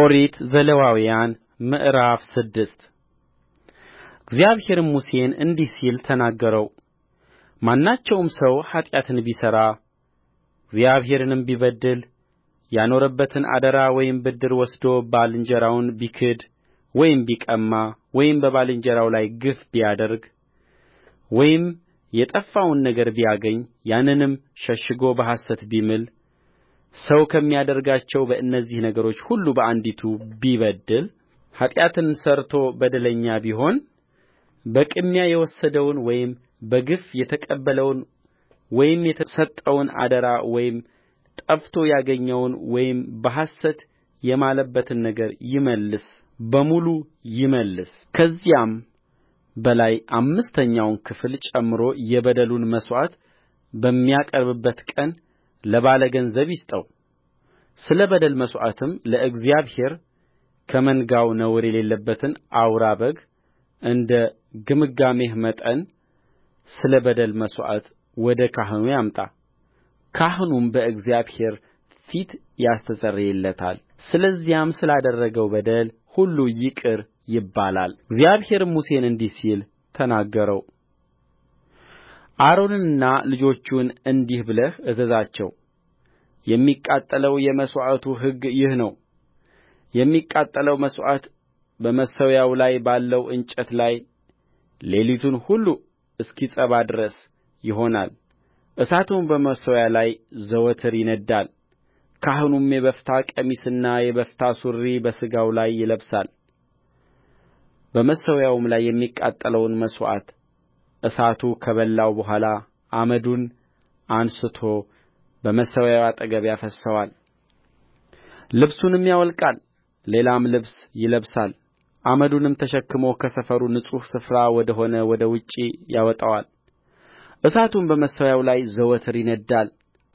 ኦሪት ዘሌዋውያን ምዕራፍ ስድስት እግዚአብሔርም ሙሴን እንዲህ ሲል ተናገረው። ማናቸውም ሰው ኃጢአትን ቢሠራ እግዚአብሔርንም ቢበድል ያኖረበትን አደራ ወይም ብድር ወስዶ ባልንጀራውን ቢክድ ወይም ቢቀማ ወይም በባልንጀራው ላይ ግፍ ቢያደርግ ወይም የጠፋውን ነገር ቢያገኝ ያንንም ሸሽጎ በሐሰት ቢምል ሰው ከሚያደርጋቸው በእነዚህ ነገሮች ሁሉ በአንዲቱ ቢበድል ኃጢአትን ሠርቶ በደለኛ ቢሆን በቅሚያ የወሰደውን ወይም በግፍ የተቀበለውን ወይም የተሰጠውን አደራ ወይም ጠፍቶ ያገኘውን ወይም በሐሰት የማለበትን ነገር ይመልስ በሙሉ ይመልስ ከዚያም በላይ አምስተኛውን ክፍል ጨምሮ የበደሉን መሥዋዕት በሚያቀርብበት ቀን ለባለ ገንዘብ ይስጠው ስለ በደል መሥዋዕትም ለእግዚአብሔር ከመንጋው ነውር የሌለበትን አውራ በግ እንደ ግምጋሜህ መጠን ስለ በደል መሥዋዕት ወደ ካህኑ ያምጣ ካህኑም በእግዚአብሔር ፊት ያስተሰርይለታል ስለዚያም ስላደረገው በደል ሁሉ ይቅር ይባላልእግዚአብሔርም ሙሴን እንዲህ ሲል ተናገረው አሮንንና ልጆቹን እንዲህ ብለህ እዘዛቸው የሚቃጠለው የመሥዋዕቱ ሕግ ይህ ነው የሚቃጠለው መሥዋዕት በመሠዊያው ላይ ባለው እንጨት ላይ ሌሊቱን ሁሉ እስኪጸባ ድረስ ይሆናል እሳቱም በመሠዊያው ላይ ዘወትር ይነድዳል ካህኑም የበፍታ ቀሚስና የበፍታ ሱሪ በሥጋው ላይ ይለብሳል በመሠዊያውም ላይ የሚቃጠለውን መሥዋዕት እሳቱ ከበላው በኋላ አመዱን አንሥቶ በመሠዊያው አጠገብ ያፈስሰዋል ልብሱንም ያወልቃል ሌላም ልብስ ይለብሳል አመዱንም ተሸክሞ ከሰፈሩ ንጹሕ ስፍራ ወደ ሆነ ወደ ውጭ ያወጣዋል እሳቱም በመሠዊያው ላይ ዘወትር ይነድዳል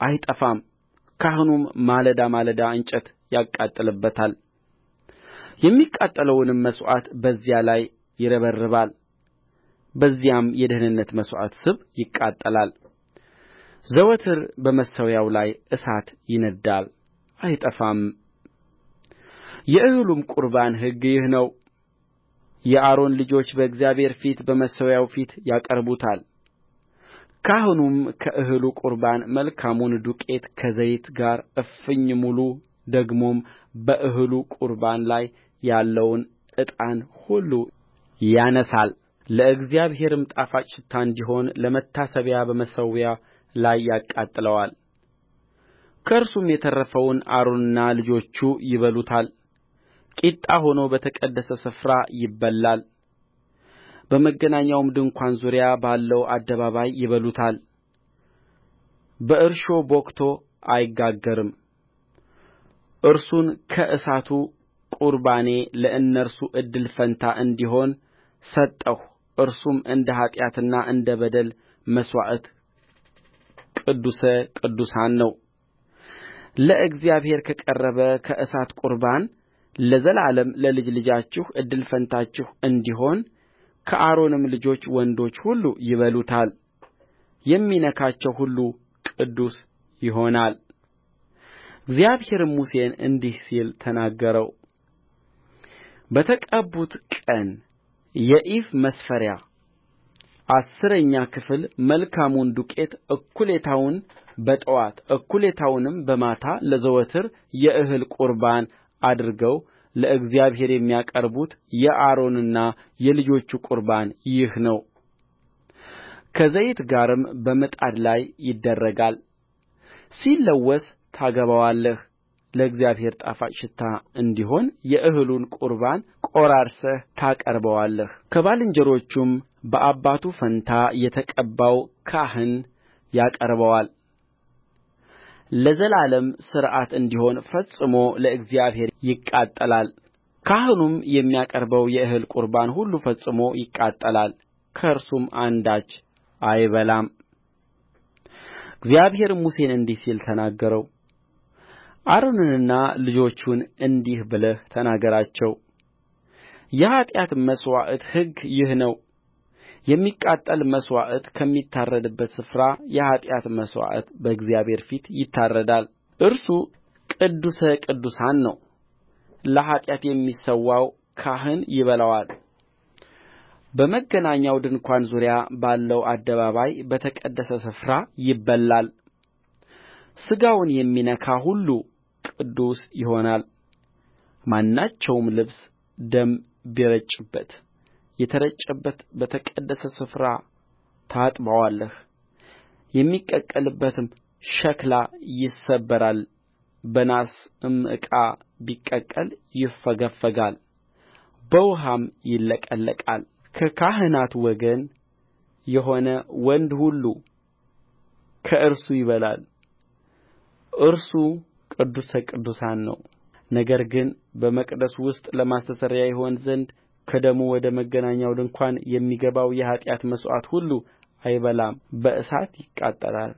አይጠፋም ካህኑም ማለዳ ማለዳ እንጨት ያቃጥልበታል የሚቃጠለውንም መሥዋዕት በዚያ ላይ ይረበርባል በዚያም የደኅንነት መሥዋዕት ስብ ይቃጠላል ዘወትር በመሠዊያው ላይ እሳት ይነድዳል አይጠፋም የእህሉም ቍርባን ሕግ ይህ ነው የአሮን ልጆች በእግዚአብሔር ፊት በመሠዊያው ፊት ያቀርቡታል ካህኑም ከእህሉ ቍርባን መልካሙን ዱቄት ከዘይት ጋር እፍኝ ሙሉ ደግሞም በእህሉ ቍርባን ላይ ያለውን ዕጣን ሁሉ ያነሣል ለእግዚአብሔርም ጣፋጭ ሽታ እንዲሆን ለመታሰቢያ በመሠዊያው ላይ ያቃጥለዋል ከእርሱም የተረፈውን አሮንና ልጆቹ ይበሉታል ቂጣ ሆኖ በተቀደሰ ስፍራ ይበላል በመገናኛውም ድንኳን ዙሪያ ባለው አደባባይ ይበሉታል በእርሾ ቦክቶ አይጋገርም እርሱን ከእሳቱ ቍርባኔ ለእነርሱ እድል ፈንታ እንዲሆን ሰጠሁ እርሱም እንደ ኃጢአትና እንደ በደል መሥዋዕት ቅዱስ ቅዱሳን ነው ለእግዚአብሔር ከቀረበ ከእሳት ቁርባን ለዘላለም ለልጅ ልጃችሁ እድል ፈንታችሁ እንዲሆን ከአሮንም ልጆች ወንዶች ሁሉ ይበሉታል የሚነካቸው ሁሉ ቅዱስ ይሆናል እግዚአብሔርም ሙሴን እንዲህ ሲል ተናገረው በተቀቡት ቀን የኢፍ መስፈሪያ አሥረኛ ክፍል መልካሙን ዱቄት እኩሌታውን በጥዋት እኩሌታውንም በማታ ለዘወትር የእህል ቍርባን አድርገው ለእግዚአብሔር የሚያቀርቡት የአሮንና የልጆቹ ቍርባን ይህ ነው ከዘይት ጋርም በምጣድ ላይ ይደረጋል ሲለወስ ታገባዋለህ ለእግዚአብሔር ጣፋጭ ሽታ እንዲሆን የእህሉን ቍርባን ቈራርሰህ ታቀርበዋለህ ከባልንጀሮቹም በአባቱ ፋንታ የተቀባው ካህን ያቀርበዋል ለዘላለም ሥርዓት እንዲሆን ፈጽሞ ለእግዚአብሔር ይቃጠላል ካህኑም የሚያቀርበው የእህል ቍርባን ሁሉ ፈጽሞ ይቃጠላል ከእርሱም አንዳች አይበላም እግዚአብሔርም ሙሴን እንዲህ ሲል ተናገረው አሮንንና ልጆቹን እንዲህ ብለህ ተናገራቸው የኃጢአት መሥዋዕት ሕግ ይህ ነው የሚቃጠል መሥዋዕት ከሚታረድበት ስፍራ የኃጢአት መሥዋዕት በእግዚአብሔር ፊት ይታረዳል እርሱ ቅዱስ ቅዱሳን ነው ለኃጢአት የሚሠዋው ካህን ይበላዋል በመገናኛው ድንኳን ዙሪያ ባለው አደባባይ በተቀደሰ ስፍራ ይበላል ሥጋውን የሚነካ ሁሉ ቅዱስ ይሆናል ማናቸውም ልብስ ደም ቢረጭበት የተረጨበት በተቀደሰ ስፍራ ታጥበዋለህ የሚቀቀልበትም ሸክላ ይሰበራል በናስም ዕቃ ቢቀቀል ይፈገፈጋል በውኃም ይለቀለቃል ከካህናት ወገን የሆነ ወንድ ሁሉ ከእርሱ ይበላል እርሱ ቅዱስ ቅዱሳን ነው ነገር ግን በመቅደሱ ውስጥ ለማስተስረያ ይሆን ዘንድ ከደሙ ወደ መገናኛው ድንኳን የሚገባው የኃጢአት መሥዋዕት ሁሉ አይበላም በእሳት ይቃጠላል